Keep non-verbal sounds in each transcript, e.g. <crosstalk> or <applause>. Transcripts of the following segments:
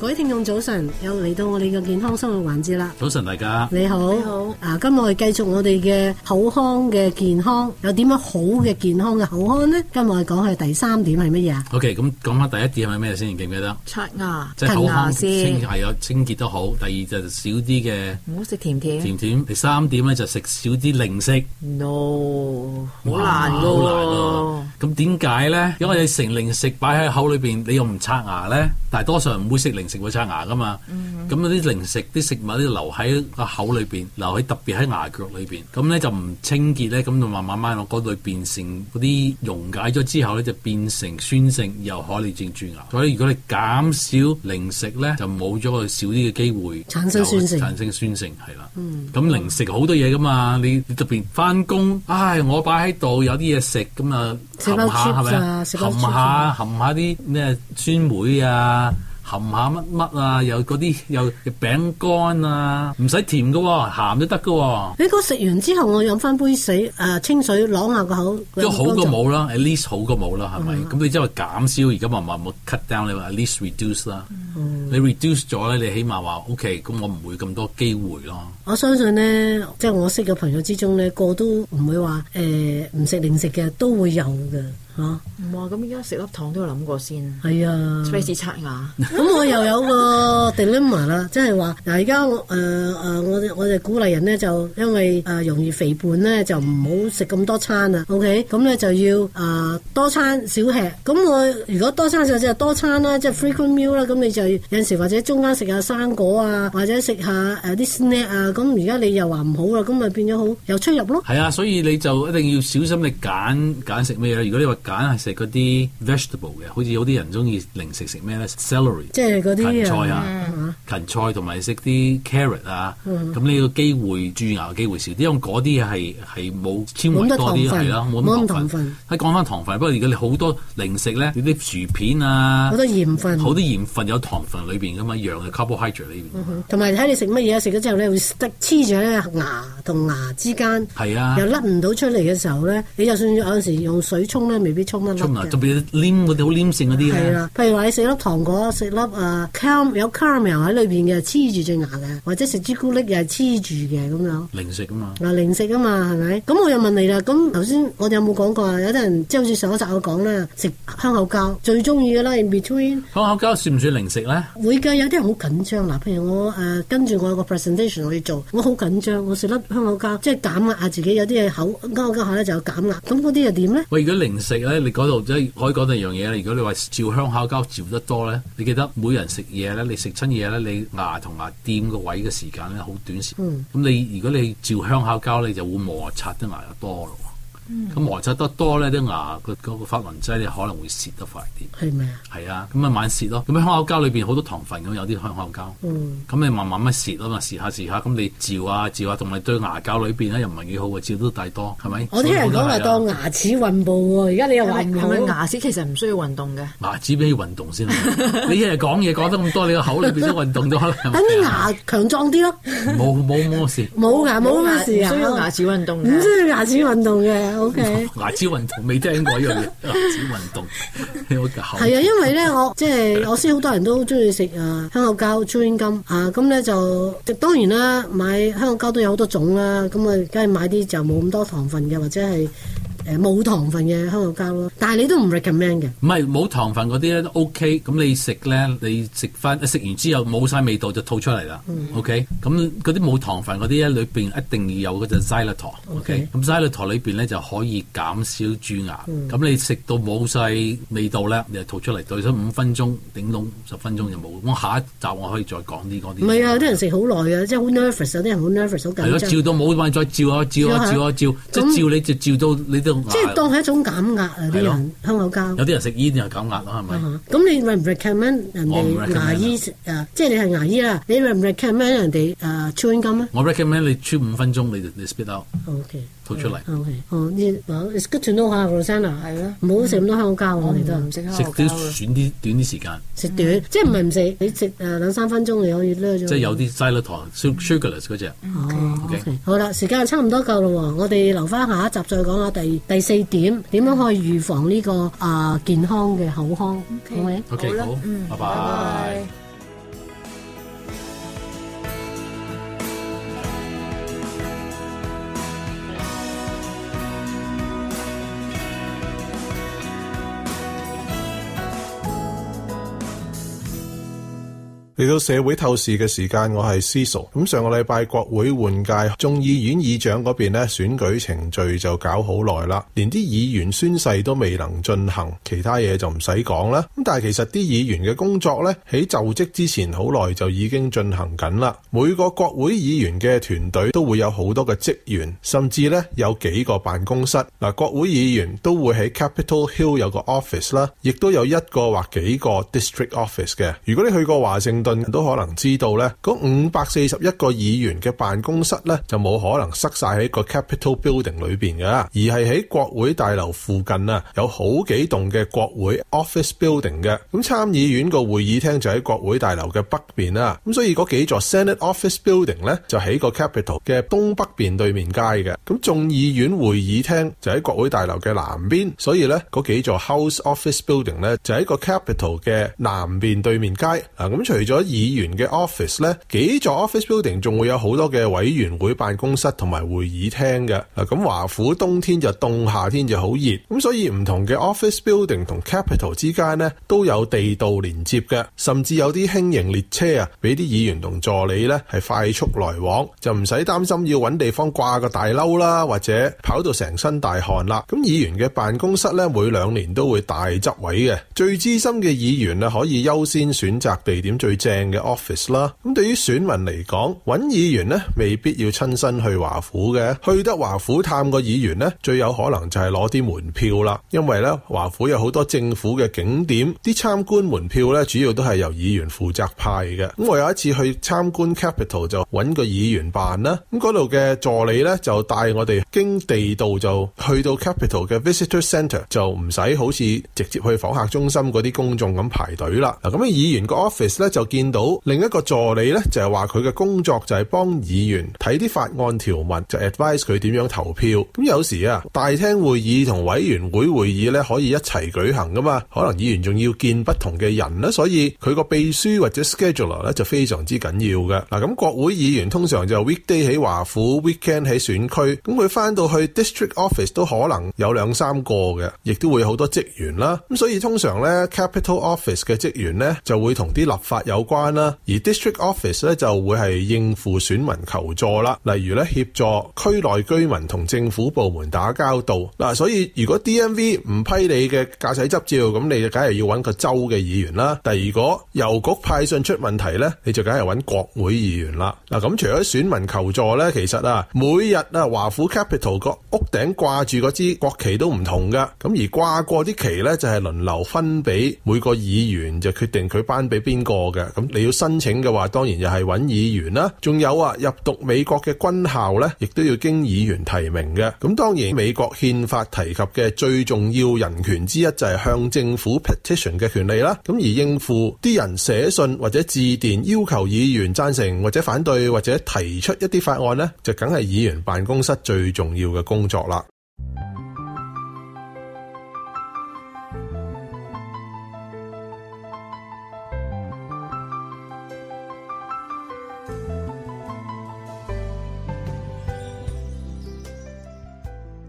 各位聽眾早晨，又嚟到我哋嘅健康生活環節啦！早晨，大家你好，你好。啊，今日我哋繼續我哋嘅口腔嘅健康，有點樣好嘅健康嘅口腔咧？今日我哋講下第三點係乜嘢啊？OK，咁講翻第一點係咩先？記唔記得？刷牙，即係口腔清牙有清潔都好。第二就少啲嘅，唔好食甜甜。甜甜。第三點咧就食少啲零食。No，好難噶，好難噶。咁點解咧？因為你成零食擺喺口裏邊，你又唔刷牙咧？但係多數人唔會食零。食咗刷牙噶嘛，咁嗰啲零食啲食物咧留喺個口裏面，留喺特別喺牙腳裏面，咁咧就唔清潔咧，咁就慢慢慢落嗰度變成嗰啲溶解咗之後咧就變成酸性，又可以整蛀牙。所以如果你減少零食咧，就冇咗個少啲嘅機會產生酸性，產生酸性係啦。咁、嗯、零食好多嘢噶嘛你，你特別翻工，唉，我擺喺度有啲嘢食，咁啊含下係咪、啊啊、含下、啊、含下啲咩酸梅啊？含下乜乜啊，又嗰啲又餅乾啊，唔使甜噶、啊，鹹都得噶。你嗰食完之後，我飲翻杯水，誒、啊、清水，啷下個口。都好過冇啦，at least 好過冇啦，係、嗯、咪？咁、嗯、你即係話減少而家慢慢冇 cut down 你話，at least reduce 啦。嗯、你 reduce 咗咧，你起碼話 OK，咁我唔會咁多機會咯。我相信呢，即、就、係、是、我識嘅朋友之中呢，個都唔會話誒唔食零食嘅，都會有嘅。啊，咁而家食粒糖都有諗過先，係啊 f a c 刷牙。咁、啊、 <laughs> 我又有個 dilemma 啦，即係話嗱，而家誒誒，我我哋鼓勵人呢，就因為誒容易肥胖咧，就唔好食咁多餐啦。OK，咁咧就要誒、呃、多餐少食。咁我如果多餐少即就是、多餐啦，即、就、係、是、frequent meal 啦。咁你就有陣時或者中間食下生果啊，或者食下誒啲 snack 啊。咁而家你又話唔好啦，咁咪變咗好又出入咯。係啊，所以你就一定要小心你揀揀食咩嘢。如果你話揀係食嗰啲 vegetable 嘅，好似有啲人中意零食食咩咧？Celery，即係嗰啲芹菜啊，芹菜同埋食啲 carrot、嗯、啊，咁你個機會蛀牙嘅機會少，啲，因為嗰啲係係冇纖維多啲，係啦，冇乜糖分。喺講翻糖分，不過而家你好多零食咧，你啲薯片啊，好多鹽分，好多鹽分有糖分裏邊㗎嘛，嘅 carbohydrate 裏邊。同埋睇你食乜嘢，食咗之後咧會黐住喺牙同牙之間，係啊，又甩唔到出嚟嘅時候咧，你就算有陣時候用水沖咧。啲衝得甩，特別黏嗰啲好黏性嗰啲咧。係啦，譬如話你食粒糖果，食粒啊，carm 有 caramel 喺裏邊嘅，黐住隻牙嘅，或者食朱古力又係黐住嘅咁樣。零食啊嘛，嗱零食啊嘛，係咪？咁我又問你啦，咁頭先我哋有冇講過啊？有啲人即係好似上一集我講啦，食香口膠最中意嘅啦。In between，香口膠算唔算零食咧？會㗎，有啲人好緊張嗱。譬如我誒跟住我有個 presentation 我要做，我好緊張，我食粒香口膠，即係減壓啊！自己有啲嘢口口勾下咧，就有減壓。咁嗰啲又點咧？喂，如果零食？你度即係可以講到一樣嘢啦。如果你話嚼香口膠嚼得多咧，你記得每人食嘢咧，你食親嘢咧，你牙同牙掂個位嘅時間咧，好短時。咁、嗯、你如果你嚼香口膠你就會摩擦得牙又多咯。咁、嗯、磨擦得多咧，啲牙個琺瑯質咧可能會蝕得快啲，係咪啊？係啊，咁啊慢蝕咯。咁喺香口膠裏面好多糖分，咁，有啲香口膠，咁、嗯、你慢慢乜蝕啊嘛？蝕下蝕下，咁你嚼啊嚼啊，同埋、啊、對牙膠裏面咧又唔係幾好啊？嚼都太多，係咪？我聽人講話、啊、當牙齒運動喎、哦，而家你又話係咪牙齒其實唔需要運動嘅？牙齒邊要運動先 <laughs> 你一日講嘢講得咁多，你個口裏邊都運動咗啦。 <laughs> 等啲牙強壯啲咯。冇冇乜事。冇冇乜事唔需，需要牙齒運動。唔需要牙齒運動嘅。O K，牙齒運動未聽過呢樣嘢，牙齒運動，係啊， <laughs> <laughs> 因為咧、就是，我即係我知好多人都中意食啊香口膠、磚金啊，咁咧就當然啦，買香口膠都有好多種啦，咁啊，梗係買啲就冇咁多糖分嘅，或者係。誒冇糖分嘅香口膠咯，但係你都唔 recommend 嘅。唔係冇糖分嗰啲咧 OK，咁你食咧，你食翻食完之後冇晒味道就吐出嚟啦、嗯。OK，咁嗰啲冇糖分嗰啲咧，裏邊一定要有嗰隻 xylitol。OK，咁 xylitol 裏邊咧就可以減少蛀牙。咁、嗯、你食到冇晒味道咧，你就吐出嚟，對咗五分鐘，頂籠十分鐘就冇。咁下一集我可以再講啲講啲。唔係啊，有啲人食好耐啊，即係好 nervous，有啲人好 nervous 好緊張，係咯，照到冇嘅話再照啊，照啊照啊,啊照,啊照,啊照啊、嗯，即係照你就照到你。嗯即係當係一種減壓啊！啲人香口膠，有啲人食煙就減壓咯，係咪？咁你唔 recommend 人哋牙醫食啊？即係你係牙醫啦，你唔 recommend 人哋啊？chewing gum 啊？我 recommend 你 chew 五分鐘，你你 spit out。OK。.出嚟，OK，哦、oh,，食咁多嚇 percentage 係咯，唔好食咁多香膠喎，我、mm. 哋、啊 oh, 都唔食啲短啲，短啲時間，食短，mm. 即係唔係唔食，mm. 你食誒、uh, 兩三分鐘就可以、那個、即係有啲細粒糖，sugarless 嗰隻，OK，好啦，時間差唔多夠咯，我哋留翻下，下一集再講下第第四點，點樣可以預防呢、這個啊、uh, 健康嘅口腔，okay. Okay? Okay, 好 OK 好，拜、mm. 拜。Bye bye。嚟到社會透視嘅時間，我係 Cecil。咁上個禮拜國會換屆，眾議院議長嗰邊咧選舉程序就搞好耐啦，連啲議員宣誓都未能進行，其他嘢就唔使講啦。咁但係其實啲議員嘅工作咧喺就職之前好耐就已經進行緊啦。每個國會議員嘅團隊都會有好多嘅職員，甚至咧有幾個辦公室。嗱，國會議員都會喺 Capitol Hill 有個 office 啦，亦都有一個或幾個 district office 嘅。如果你去過華盛人都可能知道咧，五百四十一個議員嘅辦公室咧，就冇可能塞晒喺個 Capitol Building 裏邊噶，而係喺國會大樓附近啊，有好幾棟嘅國會 Office Building 嘅。咁參議院個會議廳就喺國會大樓嘅北邊啦，咁所以幾座 Senate Office Building 咧，就喺個 Capitol 嘅東北邊對面街嘅。咁眾議院會議廳就喺國會大樓嘅南邊，所以咧幾座 House Office Building 咧，就喺個 Capitol 嘅南邊對面街嗱。咁、啊啊、除咗議員嘅 office 咧，幾座 office building 仲會有好多嘅委員會辦公室同埋會議廳嘅。嗱，咁華府冬天就凍，夏天就好熱。咁所以唔同嘅 office building 同 capital 之間呢都有地道連接嘅，甚至有啲輕型列車啊，俾啲議員同助理咧係快速來往，就唔使擔心要揾地方掛個大褸啦，或者跑到成身大汗啦。咁議員嘅辦公室咧，每兩年都會大執位嘅，最資深嘅議員咧，可以優先選擇地點最正。嘅 office 啦，咁對於選民嚟講，揾議員咧，未必要親身去華府嘅，去得華府探個議員咧，最有可能就係攞啲門票啦。因為咧，華府有好多政府嘅景點，啲參觀門票咧，主要都係由議員負責派嘅。咁我有一次去參觀 Capitol 就揾個議員辦啦，咁嗰度嘅助理咧就帶我哋經地道就去到 Capitol 嘅 Visitor Center 就唔使好似直接去訪客中心嗰啲公眾咁排隊啦。嗱，咁議員個 office 咧就見。見到另一個助理咧，就係話佢嘅工作就係幫議員睇啲法案條文，就 advise 佢點樣投票。咁有時啊，大廳會議同委員會會議咧可以一齊舉行噶嘛，可能議員仲要見不同嘅人啦，所以佢個秘書或者 scheduler 咧就非常之緊要嘅。嗱，咁國會議員通常就 weekday 喺華府，weekend 喺選區。咁佢翻到去 district office 都可能有兩三個嘅，亦都會有好多職員啦。咁所以通常咧，capital office 嘅職員咧就會同啲立法有。關啦，而 district office 咧就會係應付選民求助啦，例如咧協助區內居民同政府部門打交道嗱。所以如果 DMV 唔批你嘅駕駛執照，咁你就梗係要揾個州嘅議員啦。但係如果郵局派信出問題呢，你就梗係揾國會議員啦。嗱，咁除咗選民求助呢，其實啊，每日啊華府 Capitol 個屋頂掛住嗰支國旗都唔同噶，咁而掛過啲旗呢，就係輪流分俾每個議員，就決定佢頒俾邊個嘅。咁你要申請嘅話，當然又係揾議員啦。仲有啊，入讀美國嘅軍校咧，亦都要經議員提名嘅。咁當然美國憲法提及嘅最重要人權之一就係向政府 petition 嘅權利啦。咁而應付啲人寫信或者致電要求議員贊成或者反對或者提出一啲法案咧，就梗係議員辦公室最重要嘅工作啦。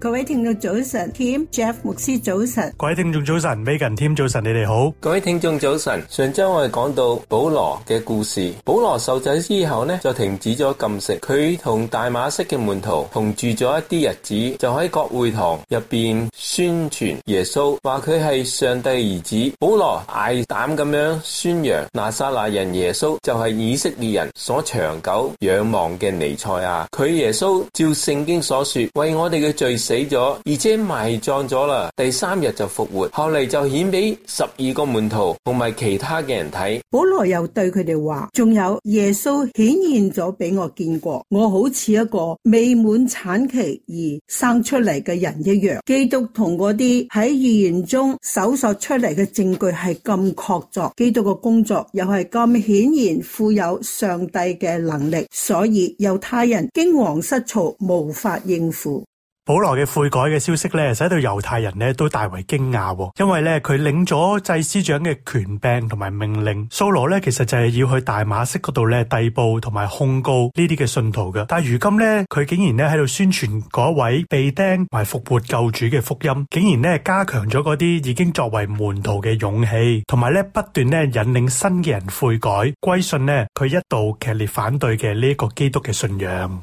各位聽眾早晨，Tim、Jeff 牧師早晨，各位聽眾早晨，Megan Tim 早晨，你哋好，各位聽眾早晨。上周我哋講到保羅嘅故事，保羅受洗之後呢，就停止咗禁食，佢同大馬色嘅門徒同住咗一啲日子，就喺各會堂入邊宣傳耶穌，話佢係上帝兒子。保羅大膽咁樣宣揚，那撒那人耶穌就係以色列人所長久仰望嘅彌賽亞，佢耶穌照聖經所說，為我哋嘅罪，死咗，而且埋葬咗啦。第三日就復活，後嚟就顯俾十二個門徒同埋其他嘅人睇。保羅又對佢哋話：仲有耶穌顯現咗俾我見過，我好似一個未滿產期而生出嚟嘅人一樣。基督同嗰啲喺預言中搜索出嚟嘅證據係咁確鑿，基督嘅工作又係咁顯然富有上帝嘅能力，所以猶太人驚惶失措，無法應付。保羅嘅悔改嘅消息呢，使到猶太人呢，都大為驚訝喎。因為呢，佢領咗祭司長嘅權柄同埋命令。掃羅呢，其實就係要去大馬色嗰度呢，逮捕同埋控告呢啲嘅信徒㗎。但如今呢，佢竟然呢，喺度宣傳嗰位被釘埋復活救主嘅福音。竟然呢，加強咗嗰啲已經作為門徒嘅勇氣。同埋呢，不斷呢，引領新嘅人悔改。歸信呢，佢一度劇烈反對嘅呢一個基督嘅信仰。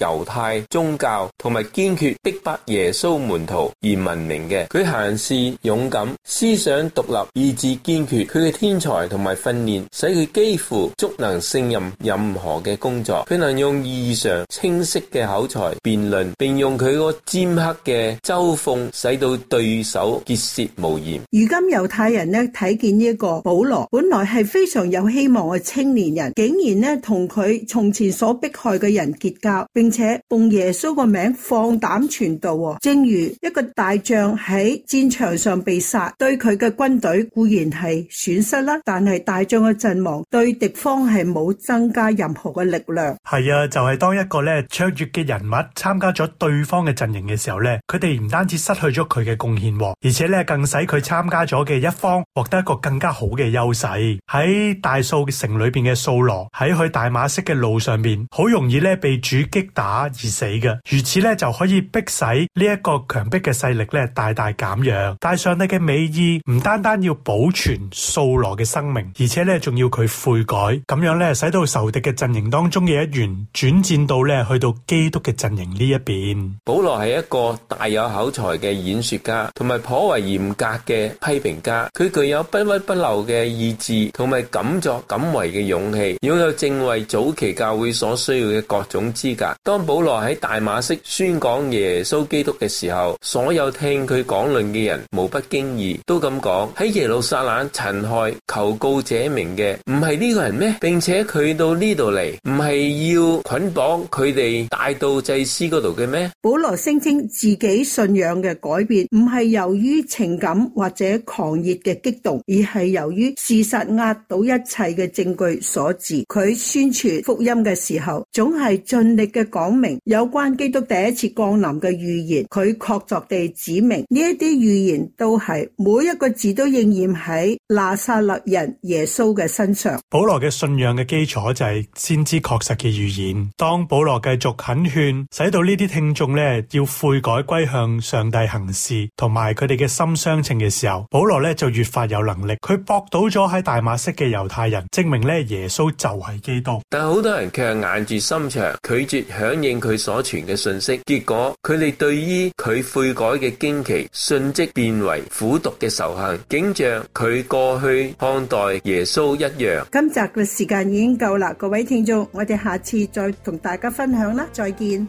猶太宗教同埋堅決逼迫耶穌門徒而聞名嘅，佢行事勇敢，思想獨立，意志堅決。佢嘅天才同埋訓練，使佢幾乎足能勝任任何嘅工作。佢能用異常清晰嘅口才辯論，並用佢個尖刻嘅嘲諷，使到對手結舌無言。如今猶太人呢，睇見呢一個保羅，本來係非常有希望嘅青年人，竟然呢，同佢從前所迫害嘅人結交。並且奉耶穌個名放膽傳道，正如一個大將喺戰場上被殺，對佢嘅軍隊固然係損失啦，但係大將嘅陣亡，對敵方係冇增加任何嘅力量。係啊，就係、是、當一個咧卓越嘅人物參加咗對方嘅陣營嘅時候咧，佢哋唔單止失去咗佢嘅貢獻，而且咧更使佢參加咗嘅一方獲得一個更加好嘅優勢。喺大數嘅城裏邊嘅掃羅喺去大馬色嘅路上面，好容易咧被主擊打而死嘅，如此咧就可以逼使呢一個強迫嘅勢力咧大大減弱。帶上你嘅美意，唔單單要保存掃羅嘅生命，而且咧仲要佢悔改，咁樣咧使到仇敵嘅陣營當中嘅一員轉戰到咧去到基督嘅陣營呢一邊。保羅係一個大有口才嘅演說家，同埋頗為嚴格嘅批評家，佢具有不屈不撓嘅意志，同埋敢作敢為嘅勇氣，擁有正為早期教會所需要嘅各種資格。當保羅喺大馬色宣講耶穌基督嘅時候，所有聽佢講論嘅人無不驚異都咁講：喺耶路撒冷殘害求告者明嘅，唔係呢個人咩？並且佢到呢度嚟，唔係要捆綁佢哋帶到祭司嗰度嘅咩？保羅聲稱自己信仰嘅改變，唔係由於情感或者狂熱嘅激動，而係由於事實壓倒一切嘅證據所致。佢宣傳福音嘅時候。總係盡力嘅講明有關基督第一次降臨嘅預言，佢確鑿地指明呢一啲預言都係每一個字都應驗喺拿撒勒人耶穌嘅身上。保羅嘅信仰嘅基礎就係先知確實嘅預言。當保羅繼續懇勸，使到呢啲聽眾要悔改歸向上帝行事，同埋佢哋嘅心相稱嘅時候，保羅就越發有能力，佢駁倒咗喺大馬色嘅猶太人，證明呢耶穌就係基督。但好多人其實眼心腸拒絕響應佢所傳嘅信息，結果佢哋對於佢悔改嘅驚奇，迅即變為苦毒嘅仇恨，竟像佢過去看待耶穌一樣。今集嘅時間已經夠啦，各位聽眾，我哋下次再同大家分享啦，再見。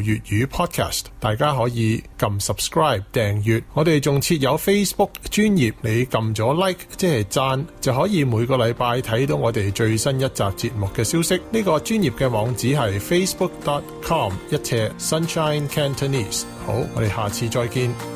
粵語 Podcast，大家可以撳 subscribe 訂閱。我哋仲設有 Facebook 專頁，你撳咗 like 即係讚，就可以每個禮拜睇到我哋最新一集節目嘅消息。呢個專頁嘅網址係 facebook.com 一切 SunshineCantonese。好，我哋下次再見。